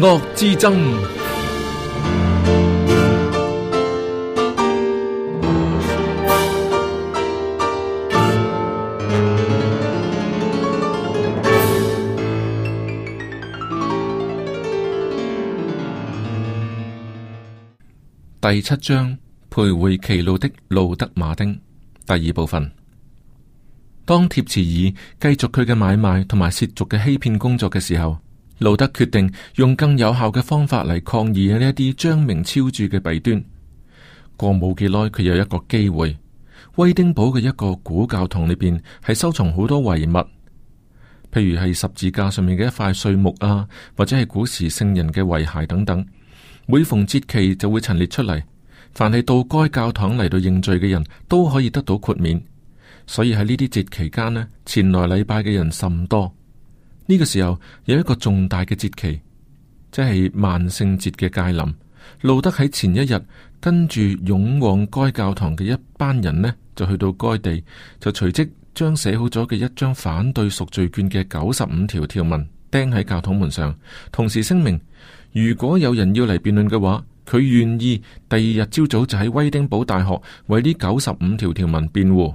惡之爭。第七章：徘徊歧路的路德馬丁。第二部分：當貼詞爾繼續佢嘅買賣同埋涉足嘅欺騙工作嘅時候。路德決定用更有效嘅方法嚟抗議呢一啲彰明較著嘅弊端。過冇幾耐，佢有一個機會，威丁堡嘅一個古教堂裏邊係收藏好多遺物，譬如係十字架上面嘅一塊碎木啊，或者係古時聖人嘅遺骸等等。每逢節期就會陳列出嚟，凡係到該教堂嚟到認罪嘅人都可以得到豁免，所以喺呢啲節期間呢，前來禮拜嘅人甚多。呢個時候有一個重大嘅節期，即係萬聖節嘅屆臨。路德喺前一日跟住湧往該教堂嘅一班人呢，就去到該地，就隨即將寫好咗嘅一張反對贖罪券嘅九十五條條文釘喺教堂門上，同時聲明：如果有人要嚟辯論嘅話，佢願意第二日朝早就喺威丁堡大學為呢九十五條條文辯護。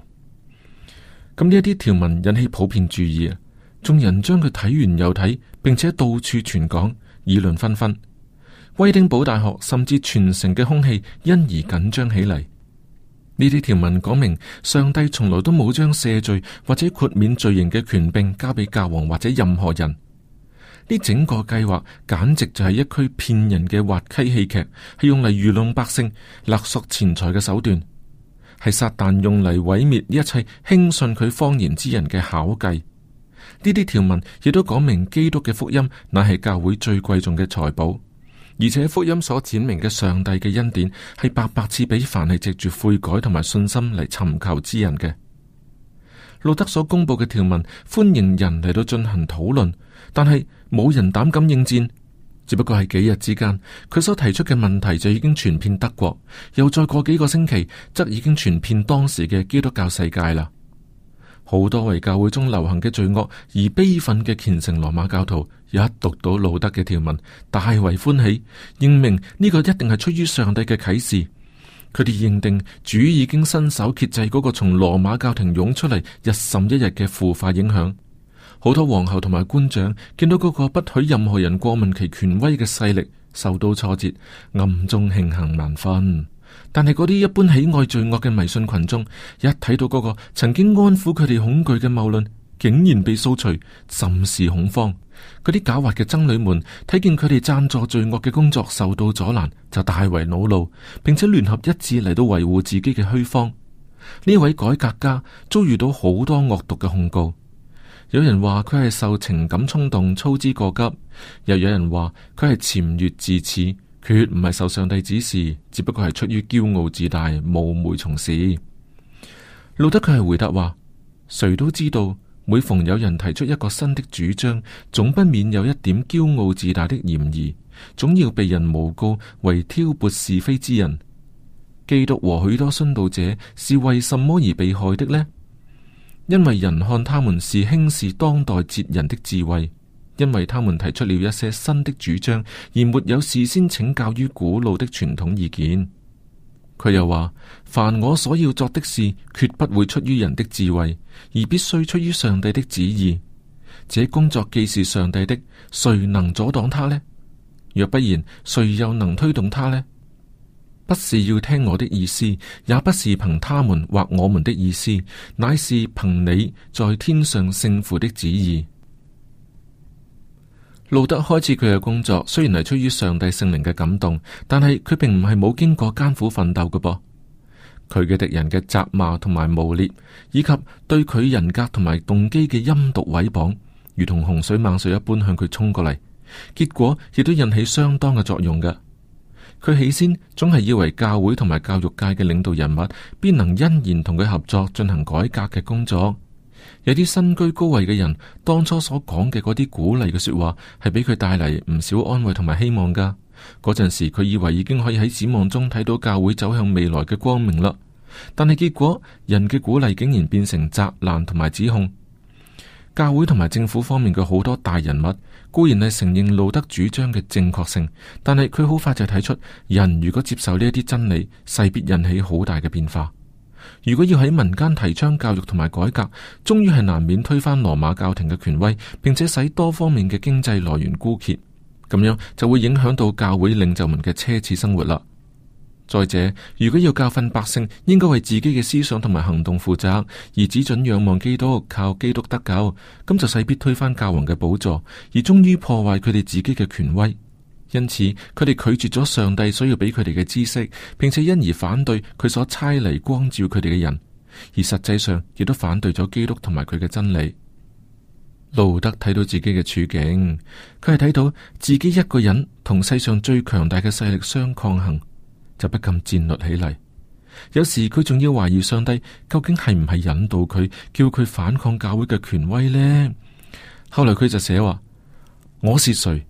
咁呢一啲條文引起普遍注意啊！眾人將佢睇完又睇，並且到處傳講，議論紛紛。威丁堡大學甚至全城嘅空氣因而緊張起嚟。呢啲條文講明，上帝從來都冇將赦罪或者豁免罪刑嘅權柄交俾教皇或者任何人。呢整個計劃簡直就係一區騙人嘅滑稽戲劇，係用嚟愚弄百姓、勒索錢財嘅手段，係撒旦用嚟毀滅一切輕信佢謊言之人嘅巧計。呢啲條文亦都講明，基督嘅福音乃係教會最貴重嘅財寶，而且福音所展明嘅上帝嘅恩典係白白賜俾凡係藉住悔改同埋信心嚟尋求之人嘅。路德所公布嘅條文歡迎人嚟到進行討論，但係冇人膽敢應戰，只不過係幾日之間，佢所提出嘅問題就已經傳遍德國，又再過幾個星期，則已經傳遍當時嘅基督教世界啦。好多為教會中流行嘅罪惡而悲憤嘅虔誠羅馬教徒，一讀到路德嘅條文，大為歡喜，認明呢個一定係出於上帝嘅啟示。佢哋認定主已經伸手揭制嗰個從羅馬教廷湧出嚟，日甚一日嘅腐化影響。好多皇后同埋官長見到嗰個不許任何人過問其權威嘅勢力受到挫折，暗中慶幸萬分。但係嗰啲一般喜愛罪惡嘅迷信群眾，一睇到嗰個曾經安撫佢哋恐懼嘅謬論，竟然被掃除，甚是恐慌。嗰啲狡猾嘅僧侶們睇見佢哋贊助罪惡嘅工作受到阻攔，就大為惱怒，並且聯合一致嚟到維護自己嘅虛方。呢位改革家遭遇到好多惡毒嘅控告，有人話佢係受情感衝動操之過急，又有人話佢係潛越至此。絕唔係受上帝指示，只不過係出於驕傲自大、冒昧從事。路德佢係回答話：誰都知道，每逢有人提出一個新的主張，總不免有一點驕傲自大的嫌疑，總要被人誣告為挑撥是非之人。基督和許多殉道者是為什麼而被害的呢？因為人看他們是輕視當代哲人的智慧。因為他們提出了一些新的主張，而沒有事先請教於古老的傳統意見。佢又話：凡我所要做的事，決不會出於人的智慧，而必須出於上帝的旨意。這工作既是上帝的，誰能阻擋他呢？若不然，誰又能推動他呢？不是要聽我的意思，也不是憑他們或我們的意思，乃是憑你在天上聖父的旨意。路德開始佢嘅工作，雖然係出於上帝聖靈嘅感動，但係佢並唔係冇經過艱苦奮鬥嘅噃。佢嘅敵人嘅責罵同埋誣蔑，以及對佢人格同埋動機嘅陰毒毀謗，如同洪水猛獸一般向佢衝過嚟，結果亦都引起相當嘅作用嘅。佢起先總係以為教會同埋教育界嘅領導人物，必能欣然同佢合作進行改革嘅工作。有啲身居高位嘅人，當初所講嘅嗰啲鼓勵嘅說話，係俾佢帶嚟唔少安慰同埋希望噶。嗰陣時，佢以為已經可以喺展望中睇到教會走向未來嘅光明嘞，但係結果，人嘅鼓勵竟然變成責難同埋指控。教會同埋政府方面嘅好多大人物，固然係承認路德主張嘅正確性，但係佢好快就睇出，人如果接受呢一啲真理，勢必引起好大嘅變化。如果要喺民間提倡教育同埋改革，終於係難免推翻羅馬教廷嘅權威，並且使多方面嘅經濟來源枯竭，咁樣就會影響到教會領袖們嘅奢侈生活啦。再者，如果要教訓百姓，應該為自己嘅思想同埋行動負責，而只准仰望基督，靠基督得救，咁就勢必推翻教皇嘅寶座，而終於破壞佢哋自己嘅權威。因此，佢哋拒絕咗上帝所要俾佢哋嘅知識，並且因而反對佢所差嚟光照佢哋嘅人，而實際上亦都反對咗基督同埋佢嘅真理。路德睇到自己嘅處境，佢係睇到自己一個人同世上最強大嘅勢力相抗衡，就不禁戰慄起嚟。有時佢仲要懷疑上帝究竟係唔係引導佢，叫佢反抗教會嘅權威呢？後來佢就寫話：「我是誰？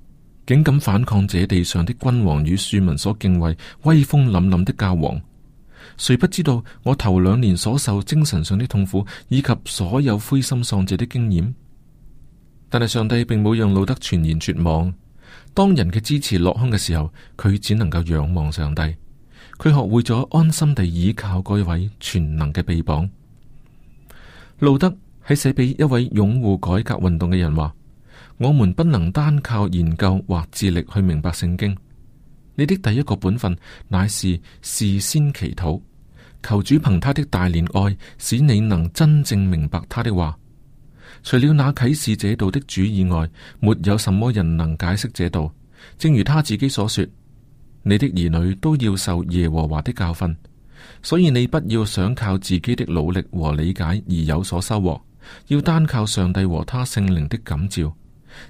竟敢反抗這地上的君王與庶民所敬畏、威風凜凜的教皇？誰不知道我頭兩年所受精神上的痛苦，以及所有灰心喪志的經驗？但係上帝並冇讓路德全然絕望。當人嘅支持落空嘅時候，佢只能夠仰望上帝。佢學會咗安心地倚靠嗰位全能嘅臂膀。路德喺寫俾一位擁護改革運動嘅人話。我們不能單靠研究或智力去明白聖經。你的第一個本分，乃是事先祈禱，求主憑他的大憐愛，使你能真正明白他的話。除了那啟示者道的主以外，沒有什麼人能解釋這道。正如他自己所說，你的兒女都要受耶和華的教訓，所以你不要想靠自己的努力和理解而有所收穫，要單靠上帝和他聖靈的感召。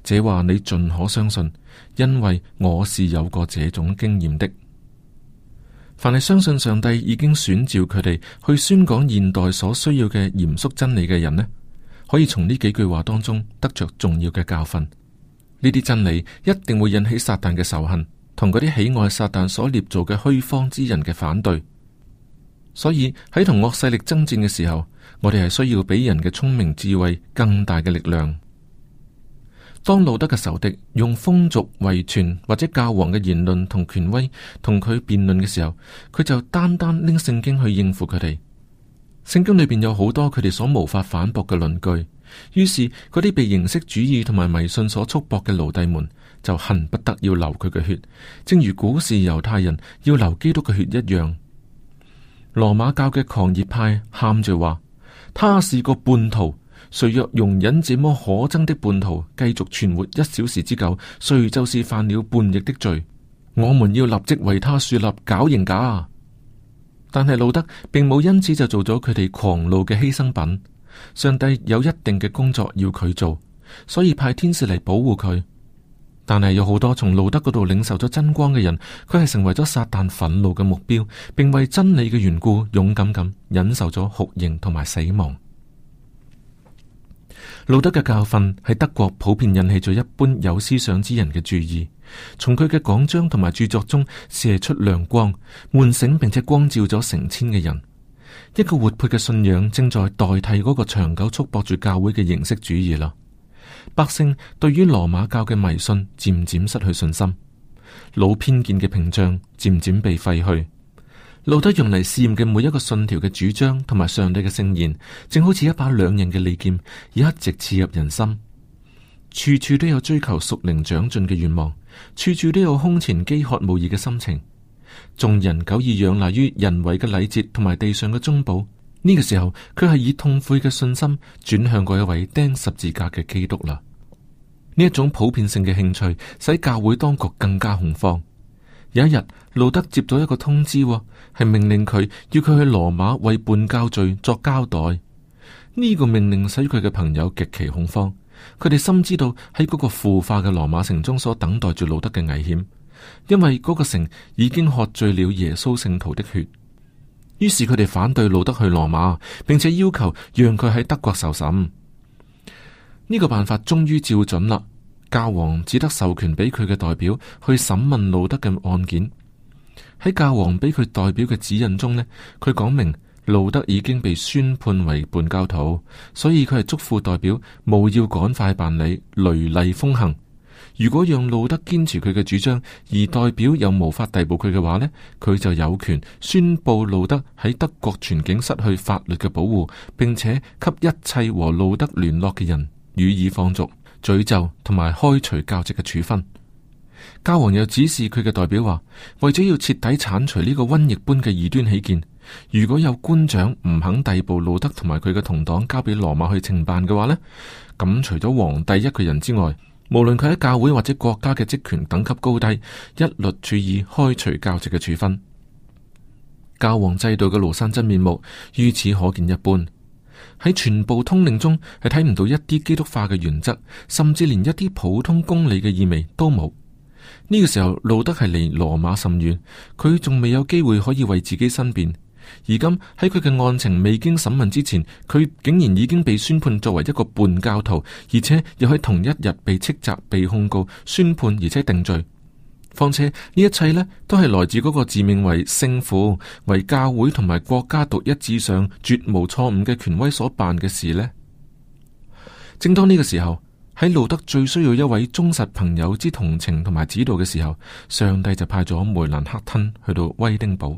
這話你盡可相信，因為我是有過這種經驗的。凡係相信上帝已經選召佢哋去宣講現代所需要嘅嚴肅真理嘅人呢，可以從呢幾句話當中得着重要嘅教訓。呢啲真理一定會引起撒旦嘅仇恨，同嗰啲喜愛撒旦所捏造嘅虛荒之人嘅反對。所以喺同惡勢力爭戰嘅時候，我哋係需要比人嘅聰明智慧更大嘅力量。當路德嘅仇敵用風俗遺傳或者教皇嘅言論同權威同佢辯論嘅時候，佢就單單拎聖經去應付佢哋。聖經裏邊有好多佢哋所無法反駁嘅論據，於是嗰啲被形式主義同埋迷信所束縛嘅奴隸們就恨不得要流佢嘅血，正如古時猶太人要流基督嘅血一樣。羅馬教嘅狂熱派喊住話：「他是個叛徒。誰若容忍這麼可憎的叛徒繼續存活一小時之久，誰就是犯了叛逆的罪。我們要立即為他樹立絞刑架！但係路德並冇因此就做咗佢哋狂怒嘅犧牲品。上帝有一定嘅工作要佢做，所以派天使嚟保護佢。但係有好多從路德嗰度領受咗真光嘅人，佢係成為咗撒旦憤怒嘅目標，並為真理嘅緣故勇敢咁忍受咗酷刑同埋死亡。路德嘅教訓喺德國普遍引起咗一般有思想之人嘅注意，從佢嘅講章同埋著作中射出亮光，喚醒並且光照咗成千嘅人。一個活潑嘅信仰正在代替嗰個長久束縛住教會嘅形式主義啦。百姓對於羅馬教嘅迷信漸漸失去信心，老偏見嘅屏障漸漸被廢去。路德用嚟試驗嘅每一個信條嘅主張，同埋上帝嘅聖言，正好似一把兩刃嘅利劍，一直刺入人心。處處都有追求屬靈長進嘅願望，處處都有空前饑渴無已嘅心情。眾人久已仰賴於人為嘅禮節同埋地上嘅中保，呢、這個時候佢係以痛悔嘅信心轉向嗰一位釘十字架嘅基督啦。呢一種普遍性嘅興趣，使教會當局更加恐慌。有一日，路德接到一個通知、哦，係命令佢要佢去羅馬為叛教罪作交代。呢、這個命令使佢嘅朋友極其恐慌，佢哋深知道喺嗰個腐化嘅羅馬城中所等待住路德嘅危險，因為嗰個城已經喝醉了耶穌聖徒的血。於是佢哋反對路德去羅馬，並且要求讓佢喺德國受審。呢、這個辦法終於照准啦。教皇只得授權俾佢嘅代表去審問路德嘅案件。喺教皇俾佢代表嘅指引中呢，佢講明路德已經被宣判為叛教徒，所以佢係囑咐代表務要趕快辦理，雷厲風行。如果讓路德堅持佢嘅主張，而代表又無法逮捕佢嘅話呢，佢就有權宣佈路德喺德國全境失去法律嘅保護，並且給一切和路德聯絡嘅人予以放逐。詛咒同埋開除教籍嘅處分，教皇又指示佢嘅代表話：為咗要徹底鏟除呢個瘟疫般嘅異端起見，如果有官長唔肯逮捕路德同埋佢嘅同黨交俾羅馬去懲辦嘅話呢，咁除咗皇帝一個人之外，無論佢喺教會或者國家嘅職權等級高低，一律處以開除教籍嘅處分。教皇制度嘅廬山真面目，於此可見一斑。喺全部通令中係睇唔到一啲基督化嘅原則，甚至連一啲普通公理嘅意味都冇。呢、這個時候路德係離羅馬甚遠，佢仲未有機會可以為自己申辯。而今喺佢嘅案情未經審問之前，佢竟然已經被宣判作為一個叛教徒，而且又喺同一日被斥責、被控告、宣判而且定罪。況且呢一切咧，都係來自嗰個自命為聖父、為教會同埋國家獨一至上絕無錯誤嘅權威所辦嘅事呢，正當呢個時候，喺路德最需要一位忠實朋友之同情同埋指導嘅時候，上帝就派咗梅蘭克吞去到威丁堡。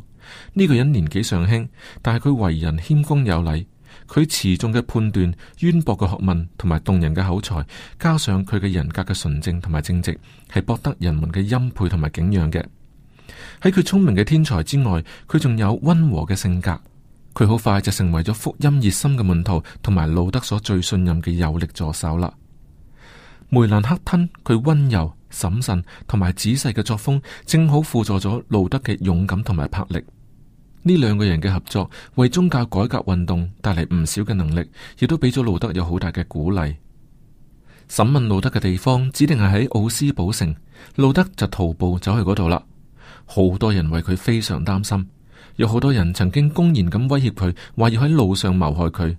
呢個人年紀尚輕，但係佢為人謙恭有禮。佢持重嘅判斷、淵博嘅學問同埋動人嘅口才，加上佢嘅人格嘅純正同埋正直，係博得人們嘅欽佩同埋敬仰嘅。喺佢聰明嘅天才之外，佢仲有溫和嘅性格，佢好快就成為咗福音熱心嘅門徒同埋路德所最信任嘅有力助手啦。梅蘭克吞佢溫柔、審慎同埋仔細嘅作風，正好輔助咗路德嘅勇敢同埋魄力。呢兩個人嘅合作，為宗教改革運動帶嚟唔少嘅能力，亦都俾咗路德有好大嘅鼓勵。審問路德嘅地方指定係喺奧斯堡城，路德就徒步走去嗰度啦。好多人為佢非常擔心，有好多人曾經公然咁威脅佢，話要喺路上謀害佢，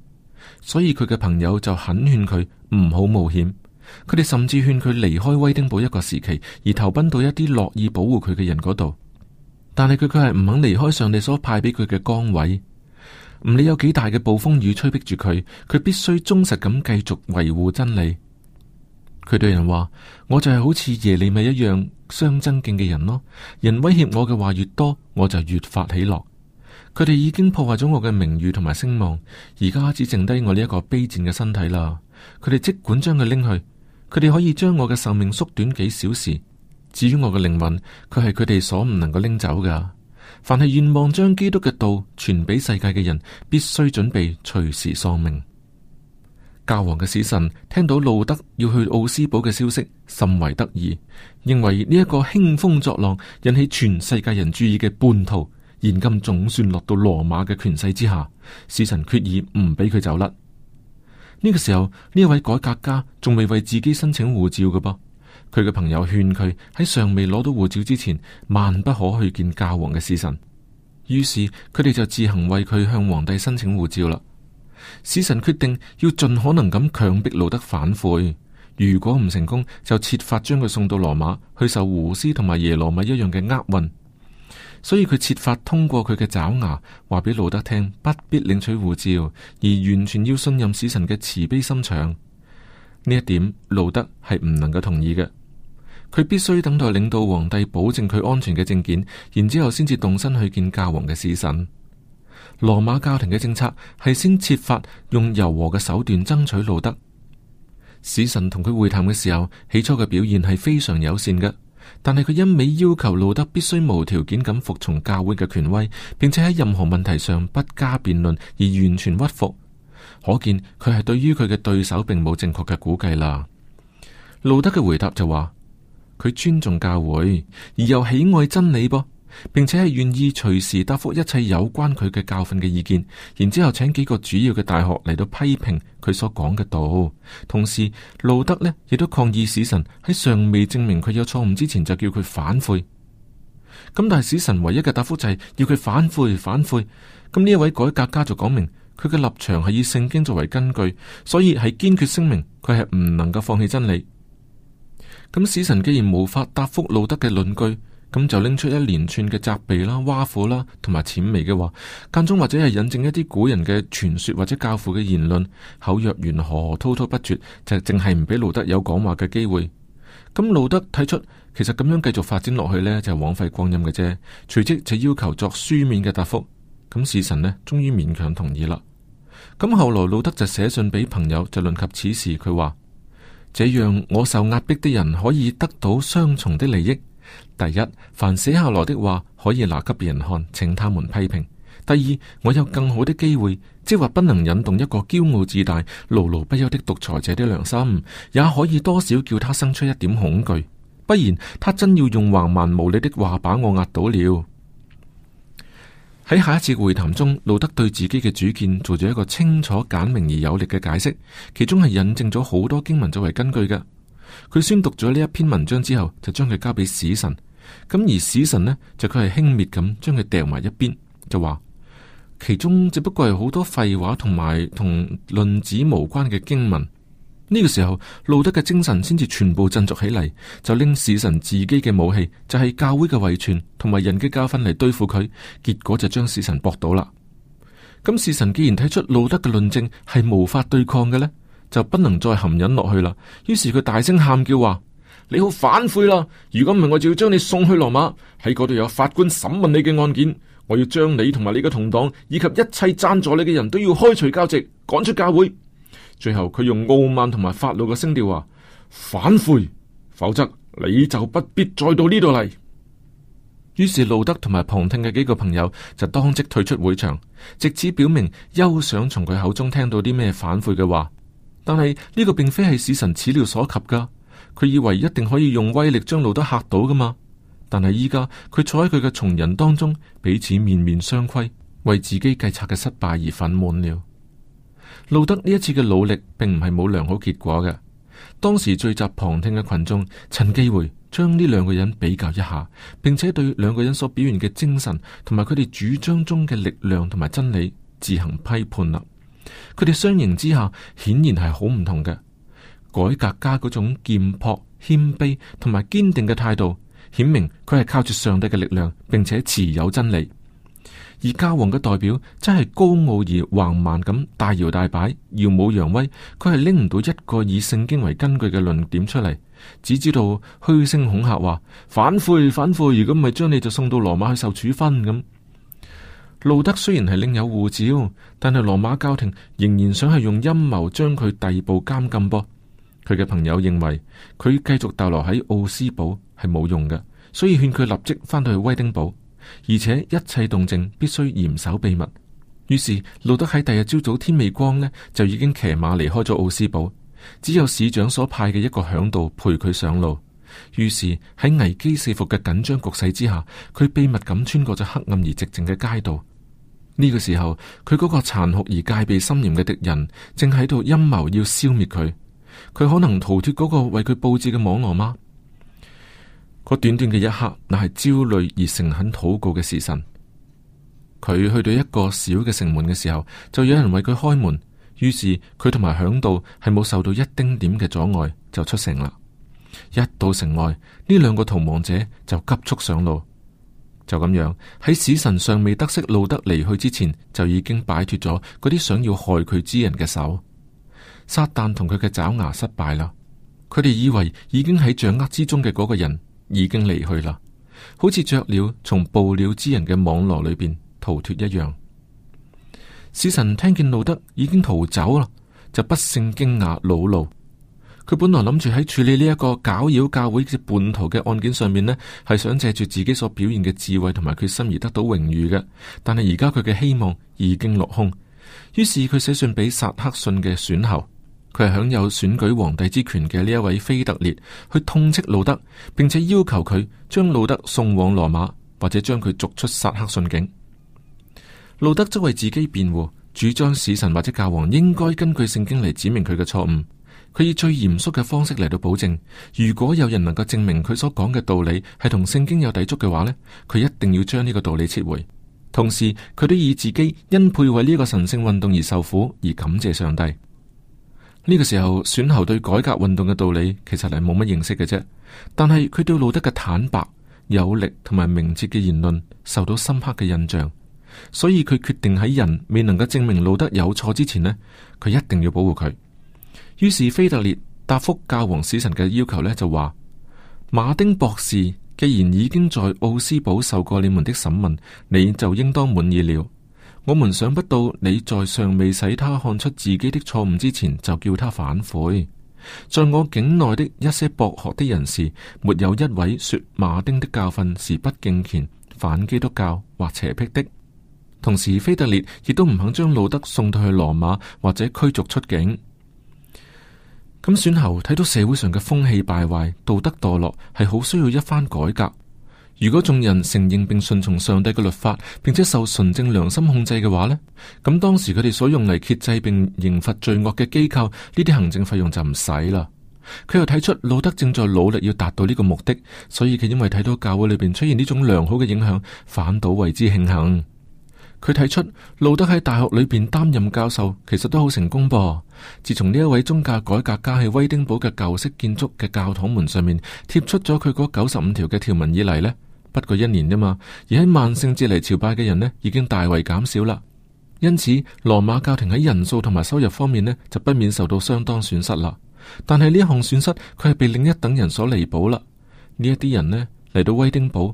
所以佢嘅朋友就狠勸佢唔好冒險。佢哋甚至勸佢離開威丁堡一個時期，而投奔到一啲樂意保護佢嘅人嗰度。但係佢佢係唔肯離開上帝所派俾佢嘅崗位，唔理有幾大嘅暴風雨催逼住佢，佢必須忠實咁繼續維護真理。佢對人話：我就係好似耶利米一樣相真敬嘅人咯。人威脅我嘅話越多，我就越發喜樂。佢哋已經破壞咗我嘅名譽同埋聲望，而家只剩低我呢一個卑賤嘅身體啦。佢哋即管將佢拎去，佢哋可以將我嘅壽命縮短幾小時。至於我嘅靈魂，佢係佢哋所唔能夠拎走噶。凡係願望將基督嘅道傳俾世界嘅人，必須準備隨時喪命。教皇嘅使臣聽到路德要去奧斯堡嘅消息，甚為得意，認為呢一個興風作浪、引起全世界人注意嘅叛徒，現今總算落到羅馬嘅權勢之下。使臣決意唔俾佢走甩。呢個時候，呢位改革家仲未為自己申請護照嘅噃。佢嘅朋友勸佢喺尚未攞到護照之前，萬不可去見教皇嘅使臣。於是佢哋就自行為佢向皇帝申請護照啦。使臣決定要盡可能咁強迫路德反悔，如果唔成功，就設法將佢送到羅馬去受胡斯同埋耶羅米一樣嘅厄運。所以佢設法通過佢嘅爪牙話俾路德聽，不必領取護照，而完全要信任使臣嘅慈悲心腸。呢一點，路德係唔能夠同意嘅。佢必須等待領導皇帝保證佢安全嘅證件，然之後先至動身去見教皇嘅使臣。羅馬教廷嘅政策係先設法用柔和嘅手段爭取路德。使臣同佢會談嘅時候，起初嘅表現係非常友善嘅，但係佢一味要求路德必須無條件咁服從教會嘅權威，並且喺任何問題上不加辯論而完全屈服。可見佢係對於佢嘅對手並冇正確嘅估計啦。路德嘅回答就話：佢尊重教會，而又喜愛真理，噃，並且係願意隨時答覆一切有關佢嘅教訓嘅意見。然之後請幾個主要嘅大學嚟到批評佢所講嘅道，同時路德呢亦都抗議使臣喺尚未證明佢有錯誤之前就叫佢反悔。咁但係使臣唯一嘅答覆就係要佢反悔反悔。咁呢一位改革家就講明。佢嘅立場係以聖經作為根據，所以係堅決聲明，佢係唔能夠放棄真理。咁使臣既然無法答復路德嘅論據，咁就拎出一連串嘅責備啦、挖苦啦，同埋淺微嘅話，間中或者係引證一啲古人嘅傳說或者教父嘅言論，口若懸河、滔滔不絕，就淨係唔俾路德有講話嘅機會。咁路德睇出其實咁樣繼續發展落去呢，就係枉費光陰嘅啫。隨即就要求作書面嘅答復。咁侍臣呢，終於勉強同意啦。咁後來路德就寫信俾朋友，就論及此事，佢話：這樣我受壓迫的人可以得到雙重的利益。第一，凡寫下來的話可以拿給別人看，請他們批評；第二，我有更好的機會，即或不能引動一個驕傲自大、牢牢不休的獨裁者的良心，也可以多少叫他生出一點恐懼。不然，他真要用橫蠻無理的話把我壓倒了。喺下一次會談中，路德對自己嘅主見做咗一個清楚簡明而有力嘅解釋，其中係引證咗好多經文作為根據嘅。佢宣讀咗呢一篇文章之後，就將佢交俾使臣。咁而使臣呢就佢係輕蔑咁將佢掟埋一邊，就話其中只不過係好多廢話同埋同論子無關嘅經文。呢個時候，路德嘅精神先至全部振作起嚟，就拎使臣自己嘅武器就係教會嘅遺傳同埋人嘅教訓嚟對付佢，結果就將使臣駁倒啦。咁、嗯、使臣既然睇出路德嘅論證係無法對抗嘅呢，就不能再含忍落去啦。於是佢大聲喊叫話，嗯、你好反悔啦！如果唔係，我就要將你送去羅馬，喺嗰度有法官審問你嘅案件。我要將你同埋你嘅同黨以及一切贊助你嘅人都要開除教籍，趕出教會。最後佢用傲慢同埋發怒嘅聲調話：反悔，否則你就不必再到呢度嚟。於是路德同埋旁聽嘅幾個朋友就當即退出會場，借此表明休想從佢口中聽到啲咩反悔嘅話。但係呢個並非係使臣始料所及噶，佢以為一定可以用威力將路德嚇到噶嘛。但係依家佢坐喺佢嘅從人當中，彼此面面相窺，為自己計策嘅失敗而憤懣了。路德呢一次嘅努力，並唔係冇良好結果嘅。當時聚集旁聽嘅群眾，趁機會將呢兩個人比較一下，並且對兩個人所表現嘅精神同埋佢哋主張中嘅力量同埋真理自行批判啦。佢哋相形之下，顯然係好唔同嘅。改革家嗰種簡樸謙卑同埋堅定嘅態度，顯明佢係靠住上帝嘅力量，並且持有真理。而教皇嘅代表真係高傲而橫蠻咁大搖大擺，耀武揚威。佢係拎唔到一個以聖經為根據嘅論點出嚟，只知道噓聲恐嚇，話反悔反悔，如果唔係將你就送到羅馬去受處分咁。路德雖然係另有護照，但係羅馬教廷仍然想係用陰謀將佢逮捕監禁噃。佢嘅朋友認為佢繼續逗留喺奧斯堡係冇用嘅，所以勸佢立即翻到去威丁堡。而且一切動靜必須嚴守秘密。於是路德喺第二朝早天未光呢，就已經騎馬離開咗奧斯堡。只有市長所派嘅一個嚮導陪佢上路。於是喺危機四伏嘅緊張局勢之下，佢秘密咁穿過咗黑暗而寂靜嘅街道。呢、這個時候，佢嗰個殘酷而戒備森嚴嘅敵人正喺度陰謀要消滅佢。佢可能逃脫嗰個為佢布置嘅網絡嗎？個短短嘅一刻，乃係焦慮而誠懇禱告嘅時辰。佢去到一個小嘅城門嘅時候，就有人為佢開門。於是佢同埋響道係冇受到一丁點嘅阻礙，就出城啦。一到城外，呢兩個逃亡者就急速上路。就咁樣喺使臣尚未得悉路德離去之前，就已經擺脫咗嗰啲想要害佢之人嘅手。撒旦同佢嘅爪牙失敗啦。佢哋以為已經喺掌握之中嘅嗰個人，已經離去啦，好似雀鳥從捕鳥之人嘅網羅裏邊逃脱一樣。使臣聽見路德已經逃走啦，就不勝驚訝惱怒。佢本來諗住喺處理呢一個攪擾教會嘅叛徒嘅案件上面呢，係想借住自己所表現嘅智慧同埋決心而得到榮譽嘅，但係而家佢嘅希望已經落空，於是佢寫信俾薩克遜嘅選侯。佢係享有選舉皇帝之權嘅呢一位腓特烈，去痛斥路德，並且要求佢將路德送往羅馬，或者將佢逐出薩克遜境。路德則為自己辯護，主張使神或者教皇應該根據聖經嚟指明佢嘅錯誤。佢以最嚴肅嘅方式嚟到保證，如果有人能夠證明佢所講嘅道理係同聖經有抵觸嘅話呢，佢一定要將呢個道理撤回。同時，佢都以自己因配為呢個神聖運動而受苦而感謝上帝。呢個時候，選侯對改革運動嘅道理其實係冇乜認識嘅啫，但係佢對路德嘅坦白、有力同埋明哲嘅言論受到深刻嘅印象，所以佢決定喺人未能夠證明路德有錯之前呢，佢一定要保護佢。於是菲特列答覆教皇使臣嘅要求呢，就話：「馬丁博士既然已經在奧斯堡受過你們的審問，你就應當滿意了。我們想不到你在尚未使他看出自己的錯誤之前，就叫他反悔。在我境內的一些博學的人士，沒有一位說馬丁的教訓是不敬虔、反基督教或邪僻的。同時，菲特烈亦都唔肯將路德送到去羅馬或者驅逐出境。咁選侯睇到社會上嘅風氣敗壞、道德墮落，係好需要一番改革。如果眾人承認並順從上帝嘅律法，並且受純正良心控制嘅話呢，咁當時佢哋所用嚟揭制並刑罰罪惡嘅機構，呢啲行政費用就唔使啦。佢又睇出路德正在努力要達到呢個目的，所以佢因為睇到教會裏邊出現呢種良好嘅影響，反倒為之慶幸。佢睇出路德喺大學裏邊擔任教授，其實都好成功噃。自從呢一位宗教改革家喺威丁堡嘅舊式建築嘅教堂門上面貼出咗佢嗰九十五條嘅條文以嚟咧。不過一年啫嘛，而喺萬聖節嚟朝拜嘅人呢，已經大為減少啦。因此，羅馬教廷喺人數同埋收入方面呢，就不免受到相當損失啦。但係呢一項損失，佢係被另一等人所彌補啦。呢一啲人呢，嚟到威丁堡，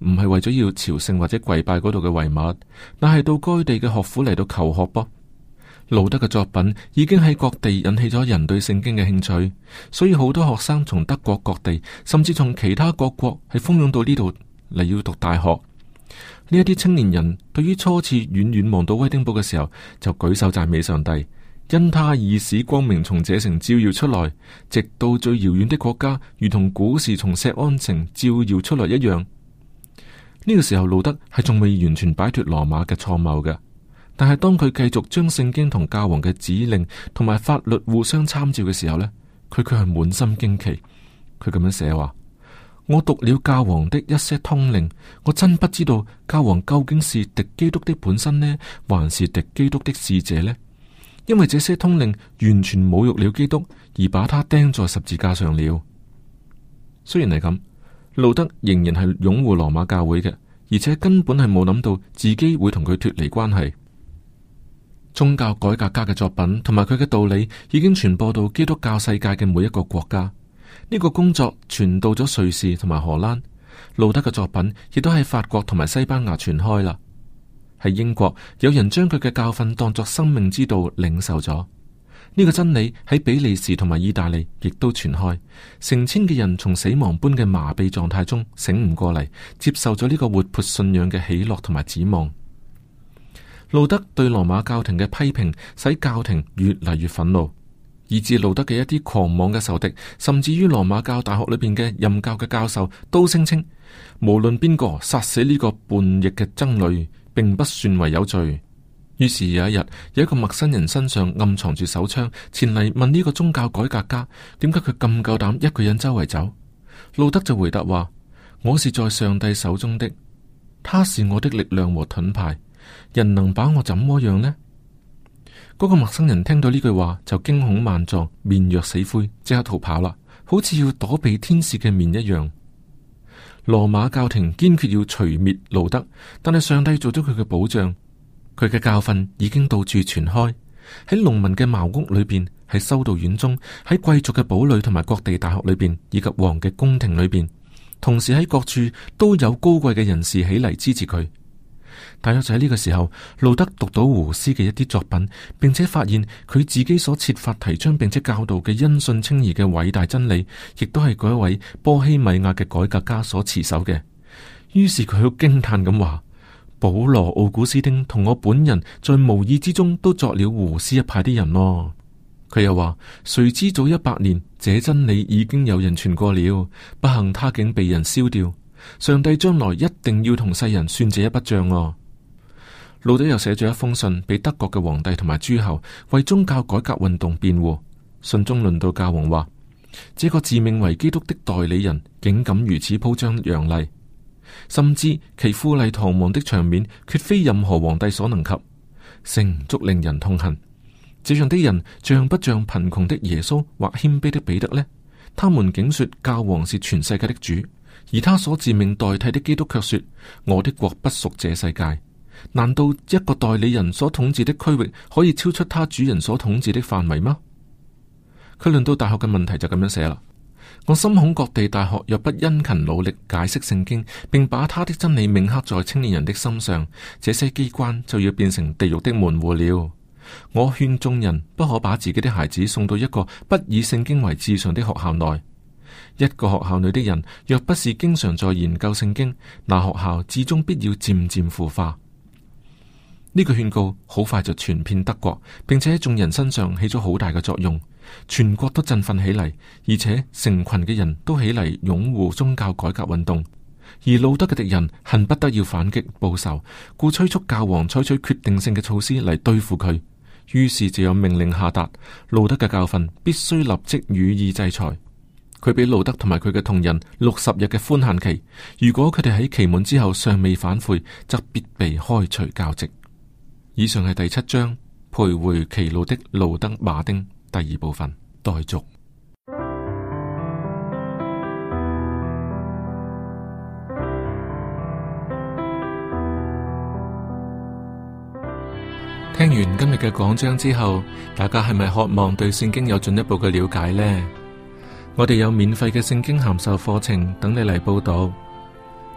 唔係為咗要朝聖或者跪拜嗰度嘅遺物，但係到該地嘅學府嚟到求學噃。路德嘅作品已經喺各地引起咗人對聖經嘅興趣，所以好多學生從德國各地，甚至從其他各國，係蜂擁到呢度。嚟要讀大學呢一啲青年人，對於初次遠遠望到威丁堡嘅時候，就舉手讚美上帝，因他已使光明從這城照耀出來，直到最遙遠的國家，如同古時從錫安城照耀出來一樣。呢個時候，路德係仲未完全擺脫羅馬嘅錯謬嘅，但係當佢繼續將聖經同教皇嘅指令同埋法律互相參照嘅時候呢，佢卻係滿心驚奇，佢咁樣寫話。我讀了教皇的一些通令，我真不知道教皇究竟是敵基督的本身呢，還是敵基督的使者呢？因為這些通令完全侮辱了基督，而把他釘在十字架上了。雖然係咁，路德仍然係擁護羅馬教會嘅，而且根本係冇諗到自己會同佢脫離關係。宗教改革家嘅作品同埋佢嘅道理已經傳播到基督教世界嘅每一個國家。呢個工作傳到咗瑞士同埋荷蘭，路德嘅作品亦都喺法國同埋西班牙傳開啦。喺英國，有人將佢嘅教訓當作生命之道領受咗。呢個真理喺比利時同埋意大利亦都傳開，成千嘅人從死亡般嘅麻痹狀態中醒唔過嚟，接受咗呢個活潑信仰嘅喜樂同埋指望。路德對羅馬教廷嘅批評，使教廷越嚟越憤怒。以至路德嘅一啲狂妄嘅仇敵，甚至於羅馬教大學裏邊嘅任教嘅教授，都聲稱無論邊個殺死呢個叛逆嘅僧侶，並不算為有罪。於是有一日，有一個陌生人身上暗藏住手槍，前嚟問呢個宗教改革家，點解佢咁夠膽一個人周圍走？路德就回答話：我是在上帝手中的，他是我的力量和盾牌，人能把我怎麼樣呢？嗰個陌生人聽到呢句話，就驚恐萬狀，面若死灰，即刻逃跑啦，好似要躲避天使嘅面一樣。羅馬教廷堅決要除滅路德，但係上帝做咗佢嘅保障，佢嘅教訓已經到處傳開，喺農民嘅茅屋裏邊，喺修道院中，喺貴族嘅堡壘同埋各地大學裏邊，以及王嘅宮廷裏邊，同時喺各處都有高貴嘅人士起嚟支持佢。大約就喺呢個時候，路德讀到胡斯嘅一啲作品，並且發現佢自己所設法提倡並且教導嘅因信稱義嘅偉大真理，亦都係嗰一位波希米亞嘅改革家所持守嘅。於是佢好驚嘆咁話：「保羅、奧古斯丁同我本人在無意之中都作了胡斯一派啲人咯哦。佢又話：「誰知早一百年，這真理已經有人傳過了，不幸他竟被人燒掉。上帝將來一定要同世人算這一筆賬哦。路德又寫咗一封信俾德國嘅皇帝同埋諸侯，為宗教改革運動辯護。信中論到教皇話：這個自命為基督的代理人，竟敢如此鋪張揚厲，甚至其富麗堂皇的場面，絕非任何皇帝所能及，誠足令人痛恨。這樣的人像不像貧窮的耶穌或謙卑的彼得呢？他們竟說教皇是全世界的主，而他所自命代替的基督却說：我的國不屬這世界。難道一個代理人所統治的區域可以超出他主人所統治的範圍嗎？佢論到大學嘅問題就咁樣寫啦。我深恐各地大學若不殷勤努力解釋聖經，並把他的真理銘刻在青年人的心上，這些機關就要變成地獄的門戶了。我勸眾人不可把自己的孩子送到一個不以聖經為至上的學校內。一個學校裏的人若不是經常在研究聖經，那學校至終必要漸漸腐化。呢個勸告好快就傳遍德國，並且喺眾人身上起咗好大嘅作用。全國都振奮起嚟，而且成群嘅人都起嚟擁護宗教改革運動。而路德嘅敵人恨不得要反擊報仇，故催促教皇採取決定性嘅措施嚟對付佢。於是就有命令下達：路德嘅教訓必須立即予以制裁。佢俾路德同埋佢嘅同仁六十日嘅寬限期，如果佢哋喺期滿之後尚未反悔，則必被開除教籍。以上係第七章《徘徊歧路的路德馬丁》第二部分，待續。聽完今日嘅講章之後，大家係咪渴望對聖經有進一步嘅了解呢？我哋有免費嘅聖經函授課程，等你嚟報讀。